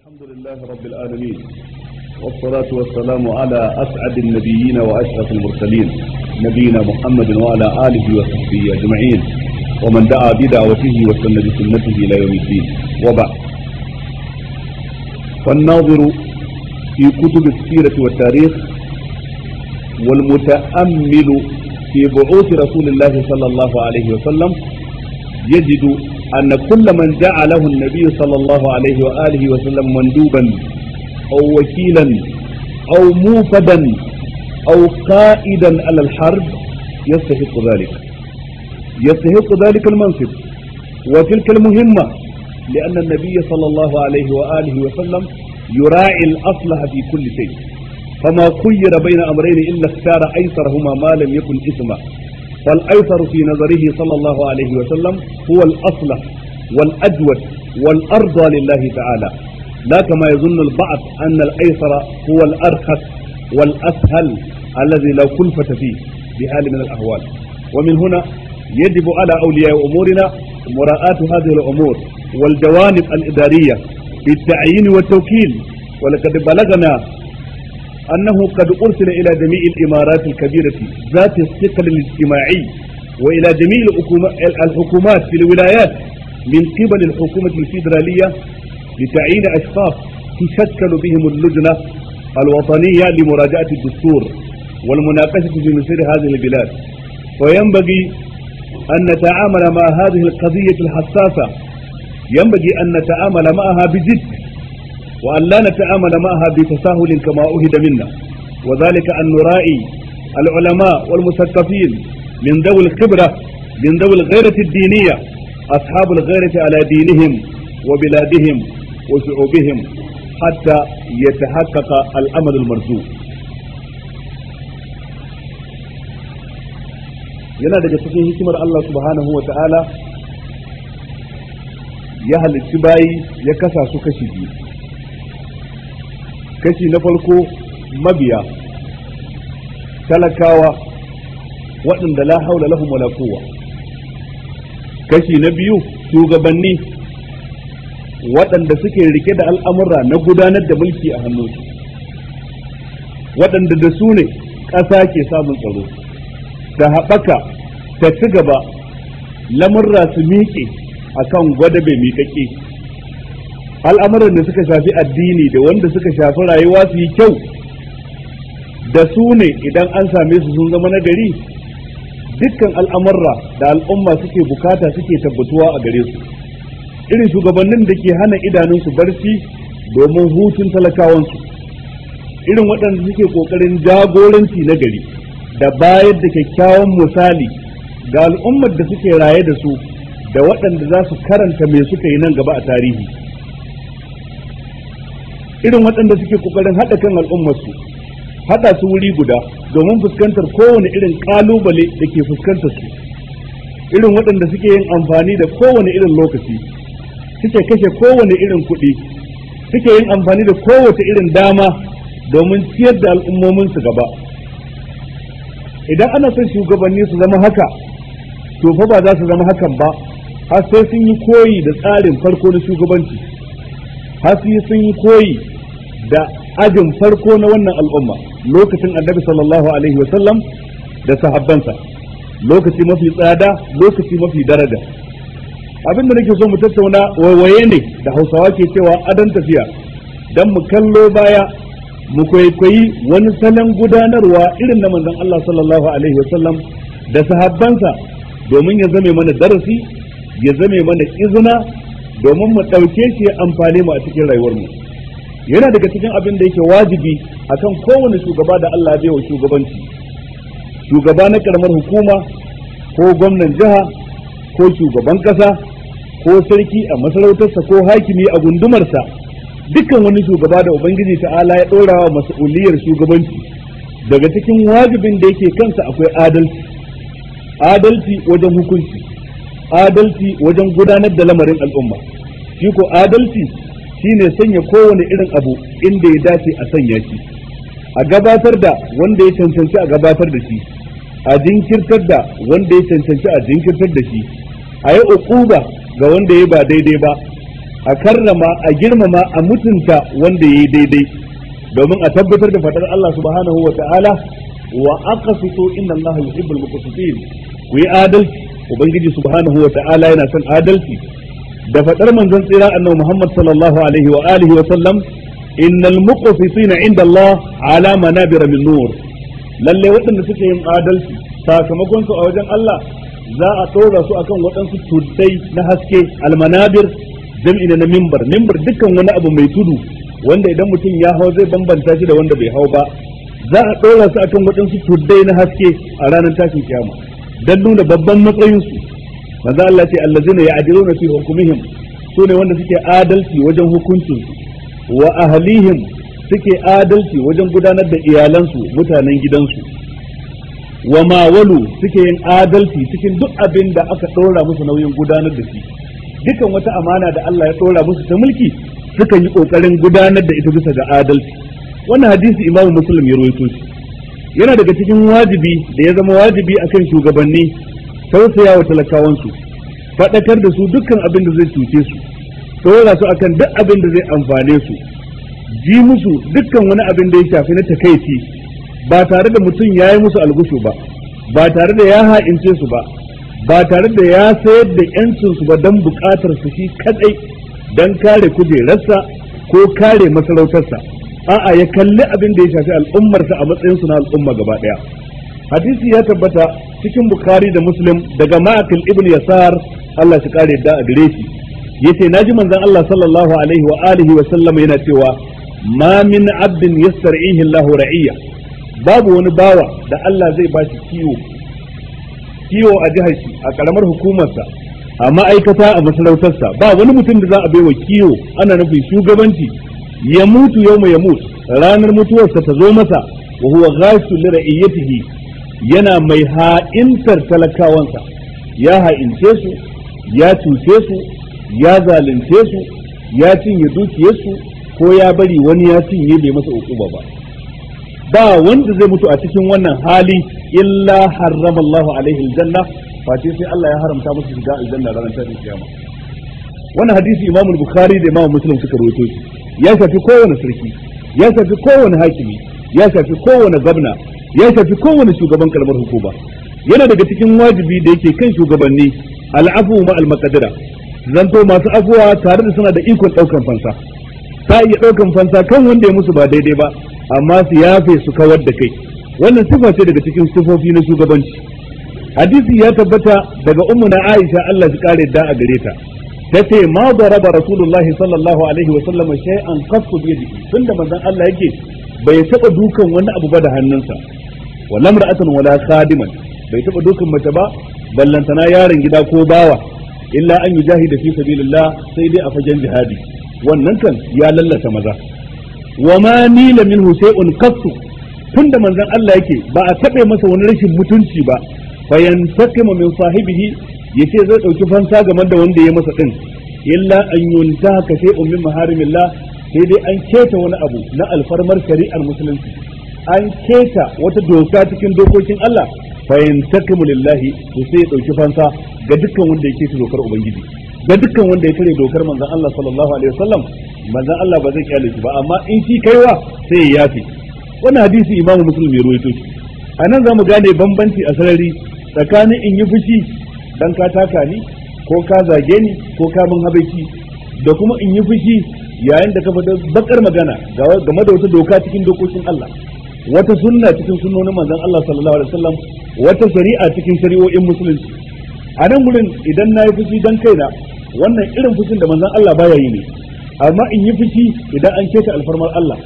الحمد لله رب العالمين والصلاة والسلام على أسعد النبيين وأشرف المرسلين نبينا محمد وعلى آله وصحبه أجمعين ومن دعا بدعوته وسن بسنته إلى يوم الدين وبعد فالناظر في كتب السيرة والتاريخ والمتأمل في بعوث رسول الله صلى الله عليه وسلم يجد أن كل من جعله النبي صلى الله عليه وآله وسلم مندوبا أو وكيلا أو موفدا أو قائدا على الحرب يستحق ذلك يستحق ذلك المنصب وتلك المهمة لأن النبي صلى الله عليه وآله وسلم يراعي الأصلح في كل شيء فما خير بين أمرين إلا اختار أيسرهما ما لم يكن إثما فالأيسر في نظره صلى الله عليه وسلم هو الأصلح والأجود والأرضى لله تعالى لا كما يظن البعض أن الأيسر هو الأرخص والأسهل الذي لا كلفة فيه بحال من الأهوال ومن هنا يجب على أولياء أمورنا مراعاة هذه الأمور والجوانب الإدارية بالتعيين والتوكيل ولقد بلغنا أنه قد أرسل إلى جميع الإمارات الكبيرة ذات الثقل الاجتماعي وإلى جميع الحكومات في الولايات من قبل الحكومة الفيدرالية لتعيين أشخاص تشكل بهم اللجنة الوطنية لمراجعة الدستور والمناقشة في مصير هذه البلاد وينبغي أن نتعامل مع هذه القضية الحساسة ينبغي أن نتعامل معها بجد wa alla nata'amala ma'aha bi tasahulin kama uhida minna wa zalika an nura'i al ulama wal musaqqafin min dawil khibra min dawil ghairati ad-diniyya ashab al wa biladihim wa shu'ubihim hatta ya al amal al marjuu yana daga cikin hikimar Allah subhanahu wa ta'ala ya halicci bayi ya kasa su kashi biyu kashi na farko mabiya talakawa waɗanda la haula lahum wala quwwa kashi na biyu shugabanni waɗanda suke rike da al'amura na gudanar da mulki a hannunsu waɗanda da su ne ƙasa ke samun tsaro ta haɓaka ta ci gaba lamurra su miƙe akan gwada bai miƙaƙe al'amuran da suka shafi addini da wanda suka shafi rayuwa su yi kyau da su ne idan an same su sun zama nagari dukkan al'amurra da al'umma suke bukata suke tabbatuwa a gare su irin shugabannin da ke hana idanunsu barci domin hutun talakawansu irin waɗanda suke ƙoƙarin jagoranci na gari da bayar da kyakkyawan misali ga al'ummar da suke raye da su da waɗanda za su karanta mai suka yi nan gaba a tarihi irin waɗanda suke kokarin haɗa kan al'ummarsu haɗa su wuri guda domin fuskantar kowane irin kalubale da ke fuskantar su irin waɗanda suke yin amfani da kowane irin lokaci suke kashe kowane irin kuɗi suke yin amfani da kowace irin dama domin ciyar da su gaba idan ana son shugabanni su zama haka to fa ba za su zama hakan ba har sai sun yi koyi da tsarin farko na shugabanci hasi sun koyi da ajin farko na wannan al'umma lokacin annabi sallallahu alaihi wasallam da sahabbansa lokaci mafi tsada lokaci mafi daraja abinda nake so mu tattauna waye ne da hausawa ke cewa adan tafiya dan mu kallo baya mu kwaikwayi wani salon gudanarwa irin na manzon Allah sallallahu alaihi wasallam da sahabbansa domin ya zame mana darasi ya zame mana izina domin mu ɗauke shi ya amfane mu a cikin rayuwar mu yana daga cikin abin da yake wajibi akan kowane shugaba da Allah ya wa shugabanci shugaba na karamar hukuma ko gwamnan jiha ko shugaban ƙasa ko sarki a masarautarsa ko hakimi a gundumarsa dukkan wani shugaba da ubangiji ta'ala ya ɗora wa mas'uliyar shugabanci daga cikin wajibin da yake kansa akwai adalci adalci wajen hukunci adalci wajen gudanar da lamarin al'umma shi ko adalci shine sanya kowane irin abu inda ya dace a sanya shi a gabatar da wanda ya cancanci a gabatar da shi a jinkirtar da wanda ya cancanci a jinkirtar da shi a yi uquba ga wanda ya ba daidai ba a karrama a girmama a mutunta wanda ya yi daidai domin a tabbatar da fadar Allah subhanahu wa ta'ala wa aqsitu inna Allah yuhibbul muqsitin ku yi adalci ubangiji subhanahu wa ta'ala yana son adalci da fadar manzon tsira annabi Muhammad sallallahu alaihi wa alihi wa sallam innal muqsitina inda Allah ala manabir min nur lalle waɗanda suke yin adalci sakamakon su a wajen Allah za a tsora su akan waɗansu tuddai na haske almanabir jam'i na mimbar mimbar dukkan wani abu mai tudu wanda idan mutum ya hau zai bambanta shi da wanda bai hau ba za a tsora su akan waɗansu tuddai na haske a ranar tashin kiyama dan nuna babban matsayin su manzo Allah ce allazina ya'diluna fi hukumihim sune wanda suke adalci wajen hukuncin su wa ahlihim suke adalci wajen gudanar da iyalansu mutanen gidansu wa mawalu suke yin adalci cikin duk abin da aka ɗora musu nauyin gudanar da shi dukan wata amana da Allah ya ɗora musu ta mulki sukan yi ƙoƙarin gudanar da ita bisa ga adalci wannan hadisi imamu muslim ya rawaito shi yana daga cikin wajibi da ya zama wajibi akan shugabanni tausaya wa talakawansu faɗakar da su dukkan abin da zai cuce su tsora su akan duk abin da zai amfane su ji musu dukkan wani abin da ya shafi na takaici ba tare da mutum ya yi musu algushu ba ba tare da ya ha'ince su ba ba tare da ya sayar da yancinsu ba don buƙatar su shi kadai don kare kujerarsa ko kare masarautarsa a'a ya kalli abin da ya shafi al'ummarsa a matsayin su na al'umma gaba daya hadisi ya tabbata cikin bukhari da muslim daga ma'akil ibn yasar Allah shi kare da gare shi yace naji manzon Allah sallallahu alaihi wa alihi wa sallam yana cewa ma min abdin yastar'ihi Allahu babu wani bawa da Allah zai ba shi kiwo kiwo a jihar shi a karamar hukumarsa a ma'aikata a masarautarsa ba wani mutum da za a baiwa kiwo ana nufin shugabanci ya mutu yawma mut ranar mutuwarsa ta zo masa wa huwa ghasul ra'iyatihi yana mai ha'intar talakawansa ya ha'ince su ya cuce su ya zalunce su ya cinye su, ko ya bari wani ya cinye bai masa ukuba ba ba wanda zai mutu a cikin wannan hali illa harrama Allahu alaihi aljanna face sai Allah ya haramta musu shiga aljanna ranar tashin kiyama wannan hadisi Imam Bukhari da Imam Muslim suka rawaito shi ya shafi kowane sarki ya shafi kowane hakimi ya shafi kowane gwamna ya shafi kowane shugaban kalmar hukuma yana daga cikin wajibi da yake kan shugabanni al'afu ma al-maqdira zanto masu afuwa tare da suna da ikon daukan fansa ta iya daukan fansa kan wanda ya musu ba daidai ba amma su yafe su kawar da kai wannan sifa ce daga cikin sifofi na shugabanci hadisi ya tabbata daga ummu na Aisha Allah ya kare da a gare ta tace ma daraba rasulullahi sallallahu alaihi wa sallam shay'an qattu bi yadihi tunda manzon Allah yake bai taba dukan wani abu ba da hannunsa wala mar'atan wala khadiman bai taba dukan mace ba ballantana yaron gida ko bawa illa an yujahida fi sabilillah sai dai a fagen jihadi wannan kan ya lallata maza wa ma nila minhu shay'un qattu tunda manzon Allah yake ba a tabe masa wani rashin mutunci ba fayantaqimu min sahibihi Ya ce zai ɗauki fansa game da wanda ya masa ɗin illa an yunta ka sai ummin maharimillah sai dai an keta wani abu na alfarmar shari'ar musulunci an keta wata doka cikin dokokin Allah fa yantakimu lillahi to sai ya ɗauki fansa ga dukkan wanda ya keta dokar ubangiji ga dukkan wanda ya kare dokar manzan Allah sallallahu alaihi wasallam Allah ba zai kyale shi ba amma in shi kaiwa sai ya yafi wannan hadisi imamu muslim ya ruwaito shi za zamu gane bambanci a sarari tsakanin in yi fushi dan ka taka ni ko ka zage ni ko ka mun habaiki da kuma in yi fushi yayin da ka faɗi bakar magana game da wata doka cikin dokokin Allah wata sunna cikin sunnonin manzon Allah sallallahu alaihi wasallam wata shari'a cikin shari'o'in musulunci a nan gurin idan na yi fushi dan kaina wannan irin fushin da manzon Allah baya yi ne amma in yi fushi idan an keta alfarmar Allah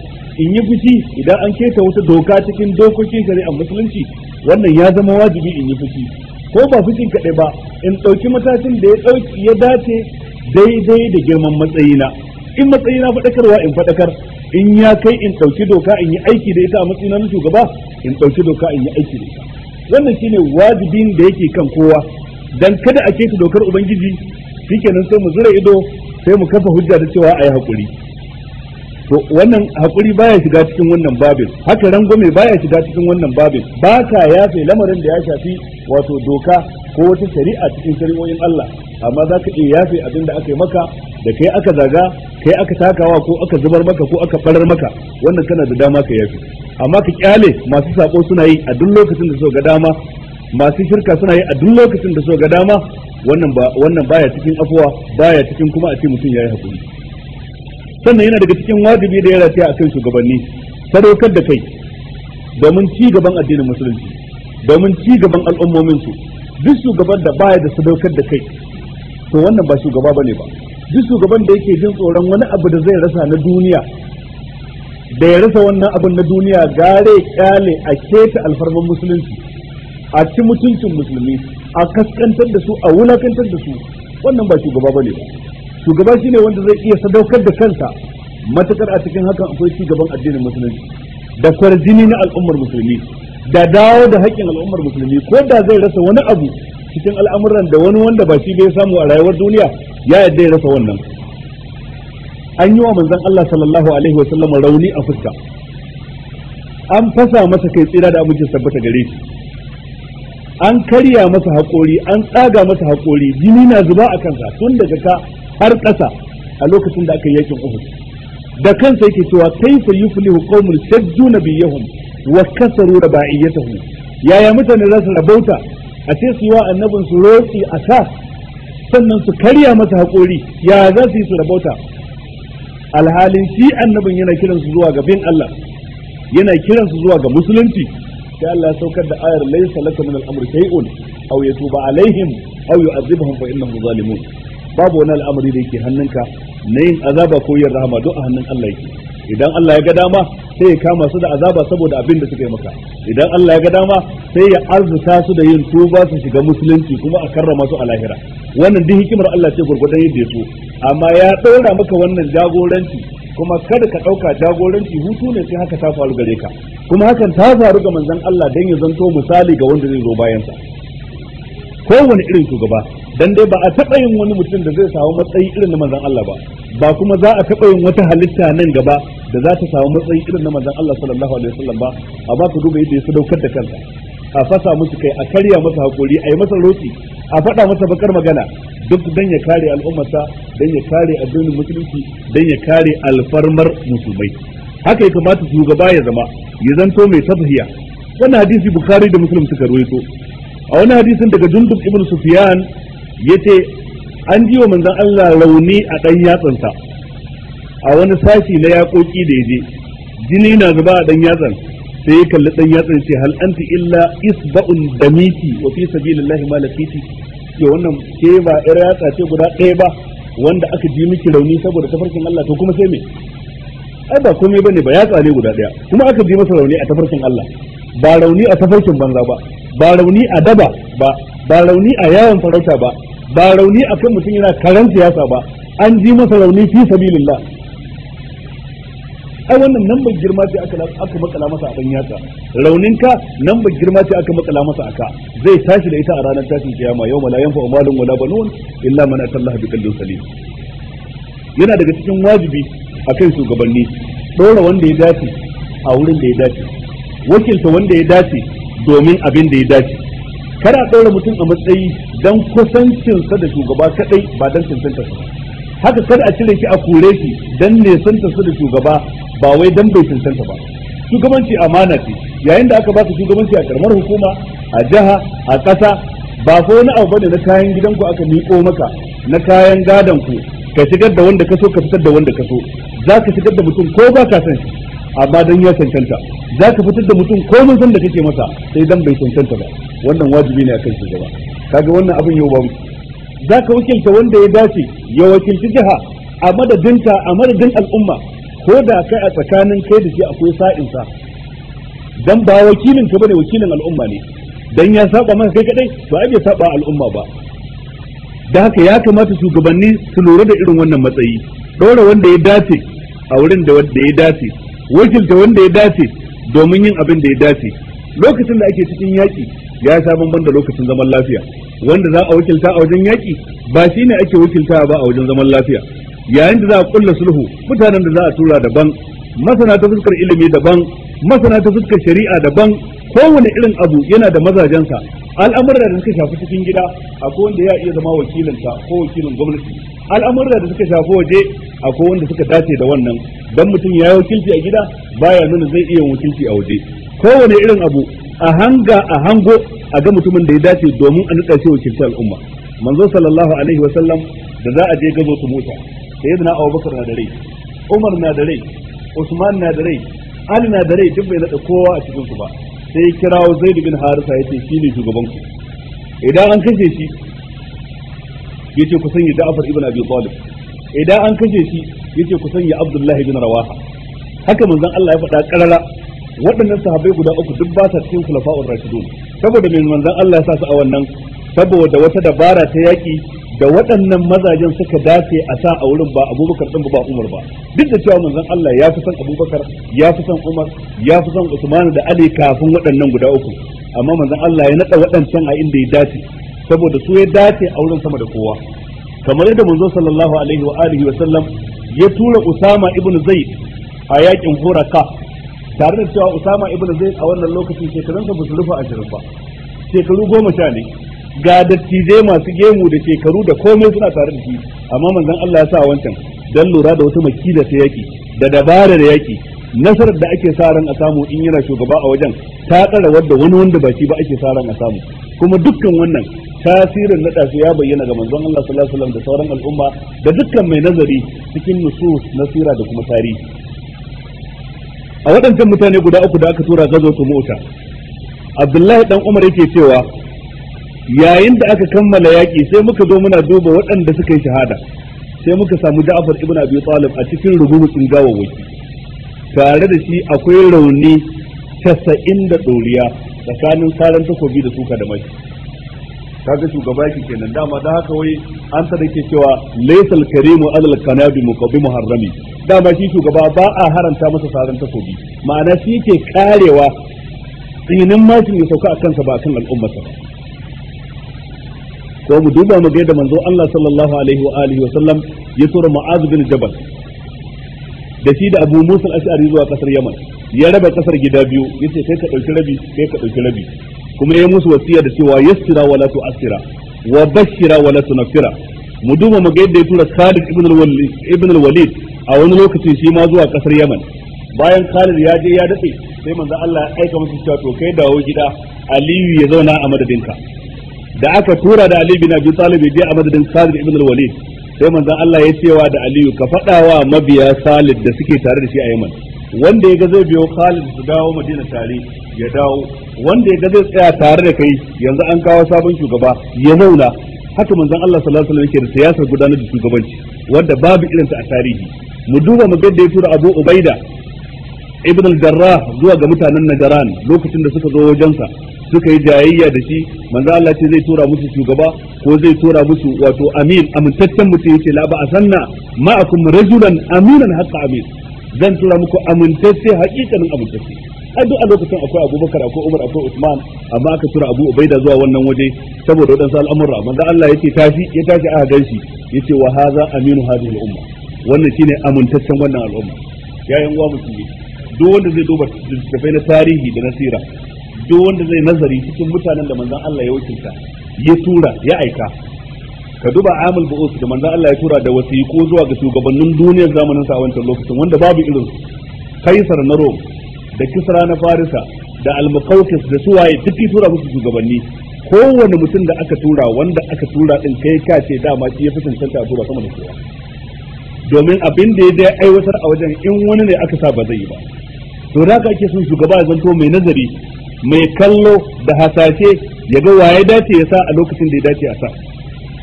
in yi fushi idan an keta wata doka cikin dokokin shari'ar musulunci wannan ya zama wajibi in yi fushi ko ba fushin kaɗai ba in ɗauki matakin da ya ɗauki ya dace daidai da girman matsayina in matsayina faɗakarwa in faɗakar in ya kai in ɗauki doka in yi aiki da ita a matsayina na shugaba in ɗauki doka in yi aiki da ita wannan shine wajibin da yake kan kowa dan kada a keta dokar ubangiji shi shikenan sai mu zura ido sai mu kafa hujja da cewa yi hakuri to wannan hakuri baya shiga cikin wannan babin haka rangwame baya shiga cikin wannan babin ba ka yafe lamarin da ya shafi wato doka ko wata shari'a cikin shari'o'in Allah amma za ka iya yafe abin da aka yi maka da kai aka zaga kai aka takawa ko aka zubar maka ko aka farar maka wannan kana da dama ka yafe amma ka kyale masu sako suna yi a duk lokacin da suka ga dama masu shirka suna yi a duk lokacin da suka ga dama wannan ba wannan baya cikin afuwa baya cikin kuma a ce mutum yayi hakuri sannan yana daga cikin wajibi da ya rataya a kan shugabanni sadaukar da kai domin ci gaban addinin musulunci domin ci gaban al'ummomin su duk shugaban da baya da sadaukar da kai to wannan ba shugaba bane ba duk shugaban da yake jin tsoron wani abu da zai rasa na duniya da ya rasa wannan abin na duniya gare kyale a keta alfarman musulunci a ci mutuncin musulmi a kaskantar da su a wulakantar da su wannan ba shugaba bane ba shugaba shi ne wanda zai iya sadaukar da kansa matukar a cikin hakan akwai ci gaban addinin musulunci da kwarjini na al'ummar musulmi da dawo da haƙƙin al'ummar musulmi ko da zai rasa wani abu cikin al'amuran da wani wanda ba shi bai samu a rayuwar duniya ya yadda ya rasa wannan an yi wa manzon Allah sallallahu alaihi wa sallam rauni a fuska an fasa masa kai tsira da abincin tabbata gare shi an karya masa haƙori an tsaga masa haƙori jini na zuba a kansa tun daga ka har ƙasa a lokacin da aka yi yakin Uhud da kansa yake cewa kaifa yuflihu biyahu, shaddu nabiyahum wa kasaru rabaiyatahu yaya mutane za su rabauta a ce su yi wa annabin su roƙi a sa sannan su karya masa haƙori ya za su yi su rabauta alhalin shi annabin yana kiran su zuwa ga bin Allah yana kiran su zuwa ga musulunci sai Allah ya saukar da ayar laysa lakum min al-amri shay'un aw yatuba alaihim aw yu'adhibuhum fa innahum zalimun babu wani al'amari da yake hannunka na yin azaba ko yin rahama duk a hannun Allah yake idan Allah ya ga dama sai ya kama su da azaba saboda abin da suka yi maka idan Allah ya ga dama sai ya arzuta su da yin tuba su shiga musulunci kuma a karrama su a lahira wannan duk hikimar Allah ce gurgurdan yadda ya so amma ya ɗora maka wannan jagoranci kuma kada ka ɗauka jagoranci hutu ne sai haka ta faru gare ka kuma hakan ta faru ga manzon Allah dan ya zanto misali ga wanda zai zo bayansa kowane irin shugaba dan dai ba a taɓa yin wani mutum da zai samu matsayi irin na manzon Allah ba ba kuma za a taɓa yin wata halitta nan gaba da za ta samu matsayi irin na manzon Allah sallallahu alaihi wasallam ba ba ka duba yadda ya sadaukar da kansa a fasa musu kai a karya masa hakuri a yi masa roti a faɗa masa bakar magana duk dan ya kare al'ummata, dan ya kare addinin musulunci dan ya kare alfarmar musulmai haka ya kamata shugaba ya zama ya zanto mai tafiya wannan hadisi bukhari da muslim suka ruwaito a wani hadisin daga jundub ibn sufyan yace an ji wa manzon Allah rauni a dan yatsansa a wani sashi na yakoki da yaje jini na zuba a dan yatsan sai ya kalli dan yatsan ce hal anti illa isba'un damiti wa fi sabilillahi ma laqiti ke wannan ke ba ir yatsa ce guda ɗaya ba wanda aka ji miki rauni saboda tafarkin Allah to kuma sai me ai ba komai bane ba yatsa ne guda ɗaya kuma aka ji masa rauni a tafarkin Allah ba rauni a tafarkin banza ba ba rauni a daba ba ba rauni a yawon farauta ba ba rauni a kan mutum yana karan siyasa ba an ji masa rauni fi sabilillah ai wannan nan bai girma ce aka aka makala masa a yatsa raunin ka nan bai girma ce aka makala masa aka zai tashi da ita a ranar tashin kiyama yau la yanfa umalun wala banun illa man atallaha bi qalbin salim yana daga cikin wajibi akan shugabanni dora wanda ya dace a wurin da ya dace wakilta wanda ya dace domin abin da ya dace kar a ɗaura mutum a matsayi don kusancinsa da shugaba kaɗai ba don su, haka kada a cire shi a kure shi don su da shugaba ba wai don bai cancanta ba shugabanci amana ce yayin da aka baka shugabanci a karamar hukuma a jiha a ƙasa ba ko wani abu bane na kayan gidanku aka miƙo maka na kayan gadon ku ka shigar da wanda ka so ka fitar da wanda ka so za ka shigar da mutum ko ba ka san shi amma dan ya cancanta za ka fitar da mutum ko mun san da kake masa sai dan bai cancanta ba wannan wajibi ne akan shugaba kaga wannan abin yau ba mu za ka wakilta wanda ya dace ya wakilci jiha a a madadin al'umma ko da kai a tsakanin kai da shi akwai sa'insa dan ba wakilin ka bane wakilin al'umma ne dan ya saba maka kai kadai ba ai bai saba al'umma ba da haka ya kamata shugabanni su lura da irin wannan matsayi dora wanda ya dace a wurin da wanda ya dace wakilta wanda ya dace domin yin abin da ya dace lokacin da ake cikin yaƙi ya sha bamban da lokacin zaman lafiya wanda za a wakilta a wajen yaƙi ba shi ne ake wakilta ba a wajen zaman lafiya yayin da za a kulla sulhu mutanen da za a tura daban masana ta fuskar ilimi daban masana ta fuskar shari'a daban kowane irin abu yana da mazajensa al'amurra da suka shafi cikin gida akwai wanda ya iya zama wakilinsa ko wakilin gwamnati al'amurra da suka shafi waje akwai wanda suka dace da wannan dan mutum ya yi wakilci a gida baya nuna zai iya wakilci a waje kowane irin abu a hanga a hango a ga mutumin da ya dace domin a nada shi wakilci al'umma manzo sallallahu alaihi wasallam da za a je gazo su mota sayyidina abubakar na da rai umar na da rai usman na da rai ali na da rai duk bai nada kowa a cikin su ba sai ya kirawo zaid bin harisa yace shine shugaban ku idan an kashe shi yace ku sanya da'afar ibn abi talib idan an kashe shi yace ku sanya Abdullahi bin Rawaha haka manzon Allah ya faɗa karara waɗannan sahabbai guda uku duk ba sa cikin khulafa'ur rashidun saboda mai manzon Allah ya sa su a wannan saboda wata dabara ta yaki da waɗannan mazajen suka dace a sa a wurin ba Abubakar din ba Umar ba duk da cewa manzon Allah ya fi son Abubakar ya fi son Umar ya fi son Usman da Ali kafin waɗannan guda uku amma manzon Allah ya nada waɗancan a inda ya dace saboda su ya dace a wurin sama da kowa kamar yadda manzo sallallahu alaihi wa alihi wa sallam ya tura Usama ibn Zaid a yakin Huraka tare da cewa Usama ibn Zaid a wannan lokacin shekarunsa da su a ashirin ba shekaru goma sha ne ga dattijai masu gemu da shekaru da komai suna tare da shi amma manzon Allah ya sa wancan dan lura da wata makila ta yaki da dabara da yaki nasarar da ake sa ran a samu in yana shugaba a wajen ta tsara wadda wani wanda ba shi ba ake sa ran a samu kuma dukkan wannan tasirin na su ya bayyana ga manzon Allah sallallahu alaihi wasallam da sauran al'umma da dukkan mai nazari cikin nusus na sira da kuma tarihi a waɗancan mutane guda uku da aka tura gazo su mota Abdullahi dan Umar yake cewa yayin da aka kammala yaki, sai muka zo muna duba waɗanda suka yi shahada sai muka samu Ja'far ibn Abi Talib a cikin rubutun gawawwaki tare da shi akwai rauni casa'in da ɗoriya tsakanin saran takobi da suka da mai kaga shugaba yake kenan dama da haka wai an sa dake cewa laysal karimu alal kanabi muqabi muharrami dama shi shugaba ba a haranta masa saran takobi ma'ana shi ke karewa tsinin mashin ya sauka a kansa ba kan al'ummarsa ko mu duba mu ga da manzo Allah sallallahu alaihi wa alihi wa sallam ya tura Mu'az bin Jabal da shi da Abu Musa al-Ash'ari zuwa kasar Yaman ya raba kasar gida biyu yace kai ka dauki rabi kai ka dauki rabi kuma ya musu wasiya da cewa yassira wala tu'assira wa bashira wala tunfira mu duba mu ga yadda ya tura Khalid ibn al-Walid ibn al-Walid a wani lokaci shi ma zuwa kasar Yaman bayan Khalid ya je ya dace sai manzo Allah ya aika masa cewa to kai dawo gida Aliyu ya zauna a madadinka da aka tura da Ali bin Abi Talib ya je a madadin Khalid ibn al-Walid sai manzo Allah ya cewa da Aliyu ka faɗawa mabiya Khalid da suke tare da shi a Yaman wanda ya ga zai biyo Khalid su dawo Madina tare ya dawo wanda ya ga zai tsaya tare da kai yanzu an kawo sabon shugaba ya zauna haka manzon Allah sallallahu alaihi wasallam yake da siyasar gudanar da shugabanci wanda babu irin ta a tarihi mu duba mu ga da ya tura Abu Ubaida ibn al-Jarrah zuwa ga mutanen Najran lokacin da suka zo wajensa suka yi jayayya da shi manzo Allah ce zai tura musu shugaba ko zai tura musu wato amin amintaccen mutum yace la ba sanna ma'akum rajulan aminan hatta amin zan tura muku amintacce hakikanin amintacce ai duk a lokacin akwai abubakar akwai umar akwai usman amma aka tura abu ubaida zuwa wannan waje saboda wadansu al'amura manzo Allah ce tashi ya tashi aka ganshi ce wa hadha aminu hadhihi al-umma wannan shine amintaccen wannan al'umma yan uwa musulmi duk wanda zai duba littattafai na tarihi da nasira duk wanda zai nazari cikin mutanen da manzon Allah ya wakilta ya tura ya aika ka duba amul Ba'us da manzon Allah ya tura da ko zuwa ga shugabannin duniyar zamanin sa a wancan lokacin wanda babu irin kaisar na Rome da kisra na farisa da almukaukis da suwaye duk tura musu shugabanni kowane mutum da aka tura wanda aka tura din kai ka ce dama shi ya fi cancanta a tura sama da kowa domin abin da ya dai aiwatar a wajen in wani ne aka sa ba zai yi ba to da ake son shugaba ya zanto mai nazari mai kallo da hasashe ya ga waye dace ya sa a lokacin da ya dace a sa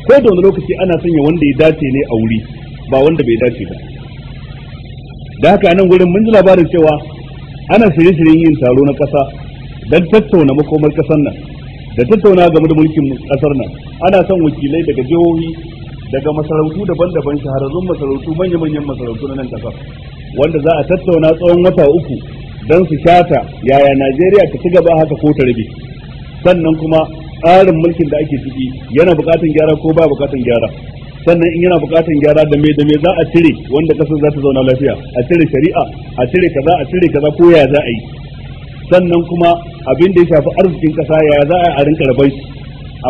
ko da wani lokaci ana sanya wanda ya dace ne a wuri ba wanda bai dace ba da haka nan gurin mun ji labarin cewa ana shirye-shiryen yin taro na ƙasa don tattauna makomar ƙasar nan da tattauna game da mulkin ƙasar nan ana son wakilai daga jihohi daga masarautu daban-daban shahararrun masarautu manya-manyan masarautu na nan ƙasar wanda za a tattauna tsawon wata uku don su shata yaya Najeriya ta ci gaba haka ko ta rabe sannan kuma tsarin mulkin da ake ciki yana bukatan gyara ko ba bukatan gyara sannan in yana buƙatar gyara da me da me za a cire wanda kasar za ta zauna lafiya a cire shari'a a cire kaza a cire kaza ko ya za a yi sannan kuma abin da ya shafi arzikin kasa ya za a yi a rinka rabai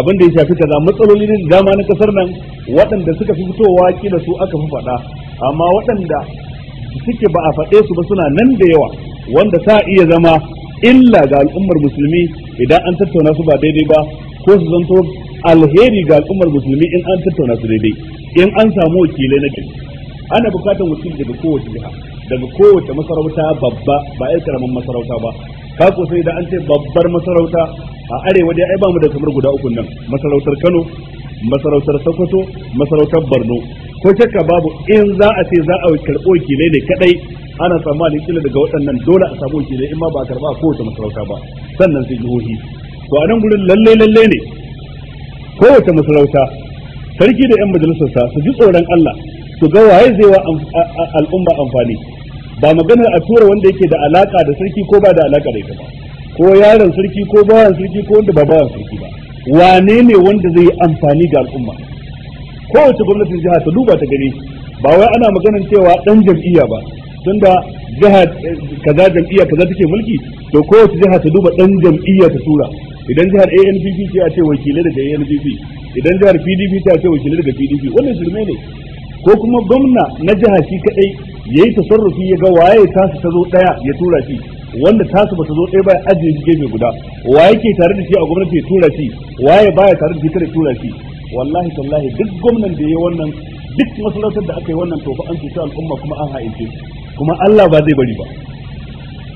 abin da ya shafi kaza matsaloli da dama na kasar nan waɗanda suka fi fitowa kila su aka fi faɗa amma waɗanda suke ba a faɗe su ba suna nan da yawa wanda sa iya zama illa ga al'ummar musulmi idan an tattauna su ba daidai ba ko su zanto alheri ga al'ummar musulmi in an tattauna su daidai in an samu wakilai na gari ana bukatar wakil daga kowace jiha daga kowace masarauta babba ba yi karamin masarauta ba ka ko sai da an ce babbar masarauta a arewa dai ai ba mu da kamar guda uku nan masarautar Kano masarautar Sokoto masarautar Borno ko shakka babu in za a ce za a karɓo wakilai ne kaɗai ana tsammanin kila daga waɗannan dole a samu wakilai in ma ba a karɓa kowace masarauta ba sannan sai jihohi to a nan gurin lallai lalle ne kowace masarauta sarki da yan majalisarsa su ji tsoron Allah su ga waye zai wa al'umma amfani ba magana a tura wanda yake da alaka da sarki ko ba da alaka da ita ba ko yaron sarki ko bawan sarki ko wanda ba bawan sarki ba wane ne wanda zai yi amfani ga al'umma kowace gwamnatin jiha ta duba ta gani ba wai ana maganar cewa dan jam'iyya ba tunda jiha eh, kaza jam'iyya kaza take mulki to kowace jiha ta duba dan jam'iyya ta tura idan jihar ANPP ce a ce wakilai daga ANPP idan jihar PDP ta ce wakilai daga PDP wannan shirme ne ko kuma gwamna na jiha shi kadai yayi tasarrufi ya ga waye tasu ta zo daya ya tura shi wanda tasu ba ta zo daya ba ya ajiye shi gefe guda Waye ke tare da shi a gwamnati ya tura shi waye baya tare da shi kada tura shi wallahi tallahi duk gwamnan da yayi wannan duk masarautar da aka yi wannan to an cuta al'umma kuma an haife kuma Allah ba zai bari ba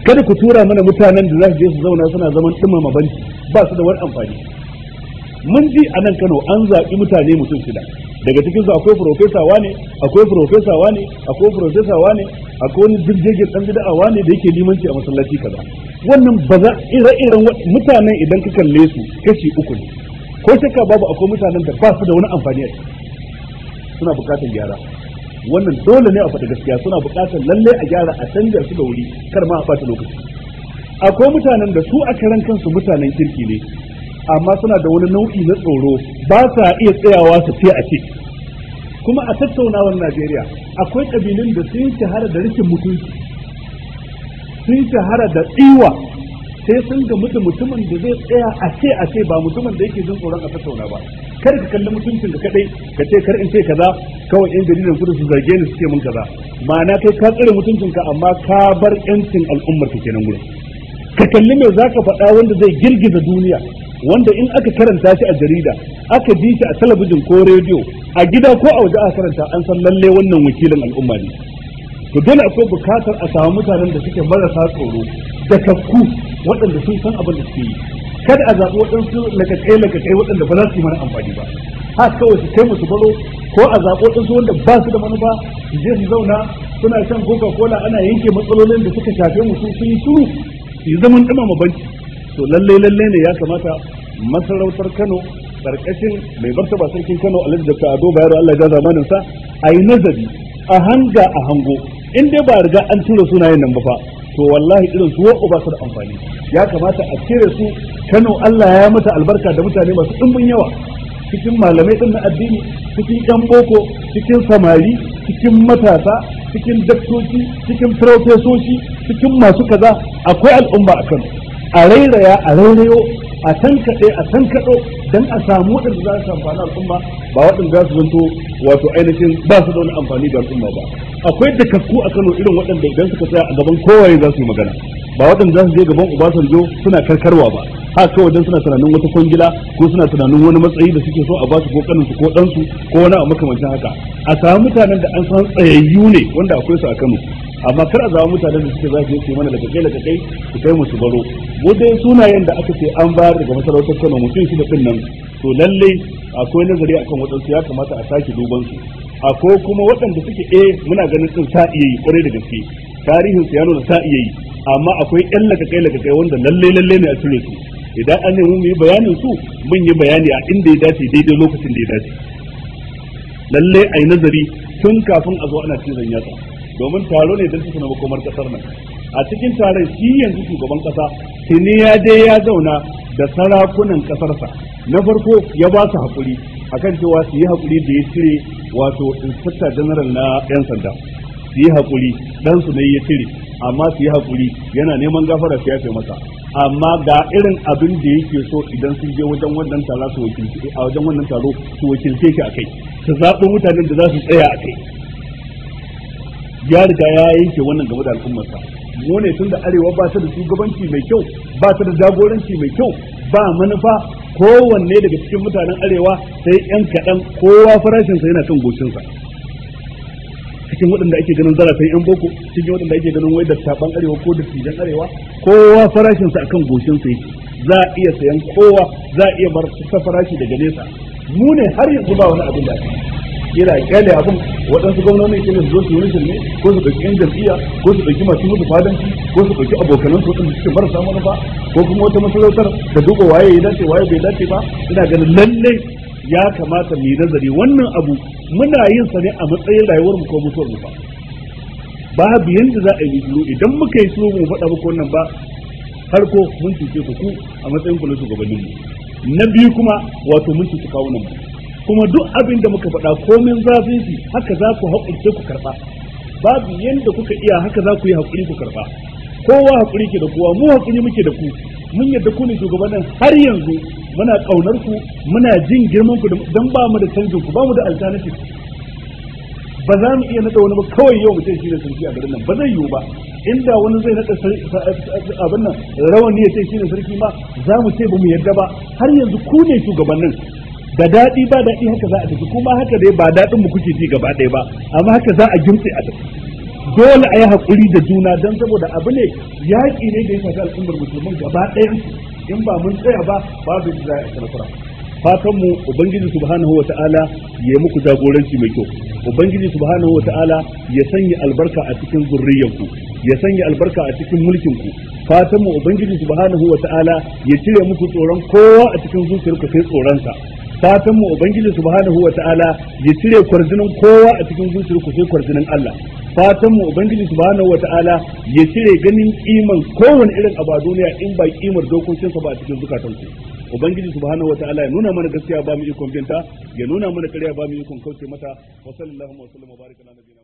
kada ku tura mana mutanen da za su je su zauna suna zaman dumama banci ba su da wani amfani mun ji a nan Kano an zaɓi mutane mutum shida daga cikin su akwai profesa wane akwai profesa wane akwai profesa wane akwai wani jirgin dan a wane da yake limanci a masallaci kaza wannan ba za ire-iren mutanen idan ka kalle su kashi uku ne ko shakka babu akwai mutanen da ba su da wani amfani a suna bukatar gyara wannan dole ne a faɗi gaskiya suna bukatar lalle a gyara a canja su da wuri kar ma a ɓata lokaci akwai mutanen da su a karan kansu mutanen kirki ne amma suna da wani nau'i na tsoro ba sa iya tsayawa su ce a ce kuma a tattaunawar najeriya akwai ƙabilun da sun shahara da rikin mutunci sun shahara da tsiwa sai sun ga mutu mutumin da zai tsaya a ce a ce ba mutumin da yake jin tsoron a tattauna ba kar ka kalli mutuncin da kadai ka ce kar in ce kaza kawai yan jaridan kudu su zarge ni suke mun kaza ma'ana kai ka tsare mutuncin ka amma ka bar yancin al'ummar ka kenan gurin ka kalli mai zaka faɗa wanda zai girgiza duniya wanda in aka karanta shi a jarida aka ji shi a talabijin ko rediyo a gida ko a waje a karanta an san lalle wannan wakilin al'umma ne to dole akwai bukatar a samu mutanen da suke marasa tsoro da kakku waɗanda sun san abin da suke yi kada a zaɓi waɗansu lakakai lakakai waɗanda ba za su yi mana amfani ba ha kawai su kai musu ko a zaɓi waɗansu wanda ba su da manufa su je su zauna suna shan coca cola ana yanke matsalolin da suka shafe musu sun yi shiru su yi zaman dumama banki to lallai lallai ne ya kamata masarautar Kano karkashin mai martaba sarkin Kano Alhaji Dr. Ado Bayero Allah ya zamanin sa ayi nazari a hanga a hango in dai ba riga an tura sunayen nan ba fa to wallahi irin su wa ba su da amfani ya kamata a cire su Kano Allah ya mata albarka da mutane masu dimbin yawa cikin malamai din na addini cikin yan boko cikin samari cikin matasa cikin daktoci cikin farautesoshi cikin masu kaza akwai al'umma a kano a rairaya a rairayo a tankaɗe a tankaɗo don a samu waɗanda za su amfani al'umma ba waɗanda za su zanto wato ainihin ba su da wani amfani da al'umma ba akwai da a kano irin waɗanda idan suka tsaya a gaban kowaye za su yi magana ba waɗanda za su je gaban ubasanjo suna karkarwa ba ha kawai wajen suna tunanin wata kwangila ko suna tunanin wani matsayi da suke so a basu ko kanin su ko dan ko wani a makamancin haka a samu mutanen da an san tsayayyu ne wanda akwai su a Kano amma kar a zama mutanen da suke za su yi mana daga kai daga kai su kai mu su baro wadai sunayen da aka ce an bayar daga masarautar Kano mutum shi da din nan to lalle akwai nazari akan wadansu ya kamata a sake duban su akwai kuma waɗanda suke eh muna ganin sun sa iya yi kwarai da gaske tarihin su ya nuna sa iya yi amma akwai ƴan lakakai lakakai wanda lalle lalle ne a cire su idan an nemi muyi yi bayanin su mun yi bayani a inda ya dace daidai lokacin da ya dace lalle yi nazari tun kafin a zo ana cizon yatsa domin taro ne don su na makomar kasar nan a cikin taron shi yanzu shugaban kasa tuni ya dai ya zauna da sarakunan kasarsa na farko ya ba su hakuri akan cewa su yi hakuri da ya cire wato inspector general na yan sanda su yi hakuri dan su ne ya cire amma su yi hakuri yana neman gafara su yafe masa amma ga irin abin da yake so idan sun je wajen wannan taro su wakilce a wajen wannan taro su wakilce shi akai su zaɓi mutanen da za su tsaya akai ya riga ya yanke wannan game da al'ummarsa mu ne tun da arewa ba ta da shugabanci mai kyau ba ta da jagoranci mai kyau ba manufa kowanne daga cikin mutanen arewa sai yan kaɗan kowa farashinsa yana kan goshinsa cikin waɗanda ake ganin zarafin yan boko cikin waɗanda ake ganin wai da saban arewa ko da tijan arewa kowa farashinsa akan goshin sa yake za a iya sayan kowa za a iya bar ta farashi daga nesa mu ne har yanzu ba wani abin da ake kira kyale abin waɗansu gwamnoni ke su zo su yi ne ko su ɗauki yan jam'iyya ko su ɗauki masu mutu fadanci ko su ɗauki abokanan su waɗanda suke marasa manufa ko kuma wata masarautar da duba waye ya dace waye bai dace ba ina ganin lallai ya kamata mu yi nazari wannan abu muna yin sa ne a matsayin rayuwar mu ko mutuwar mu ba babu yanda za a yi shiru idan muka yi so mu faɗa muku wannan ba har ko mun cuce ku ku a matsayin ku na shugabannin mu na biyu kuma wato mun cuce kawunan mu kuma duk abin da muka faɗa komin zafin shi haka za ku haƙurce ku karɓa babu yanda kuka iya haka za ku yi haƙuri ku karɓa kowa hakuri ke da kowa mu hakuri muke da ku mun yadda ku ne shugabannin har yanzu muna kaunar ku muna jin girman ku dan ba mu da canjin ku ba mu da alternative ba za mu iya nada wani ba kawai yau mutum shi ne sarki a garin nan ba zai yiwu ba inda wani zai nada abin nan rawani ya ce shi ne sarki ma za mu ce ba mu yarda ba har yanzu ku ne shugabannin da daɗi ba daɗi haka za a tafi kuma haka dai ba daɗin mu kuke ji gaba ɗaya ba amma haka za a girtse a tafi dole a yi haƙuri da juna don saboda abu ne yaƙi ne da ya shafi al'ummar musulman gaba ɗayan in ba mun tsaya ba babu yadda za a yi nasara fatan mu ubangiji subhanahu wata'ala ya yi muku jagoranci mai kyau ubangiji subhanahu wata'ala ya sanya albarka a cikin zurriyanku ya sanya albarka a cikin mulkin ku fatan mu ubangiji subhanahu wata'ala ya cire muku tsoron kowa a cikin zuciyarku sai tsoron sa fatan mu ubangiji subhanahu wata'ala ya cire kwarjinin kowa a cikin zuciyarku sai kwarjinin Allah fatan mu ubangiji subhanahu wataala ya cire ganin kiman kowane irin abu a duniya in ba kimar dokokinsa ba a cikin zukatan ku ubangiji subhanahu wataala ya nuna mana gaskiya ba mu ikon binta ya nuna mana ƙarya ba mu ikon kauce mata wa sallallahu wa wa baraka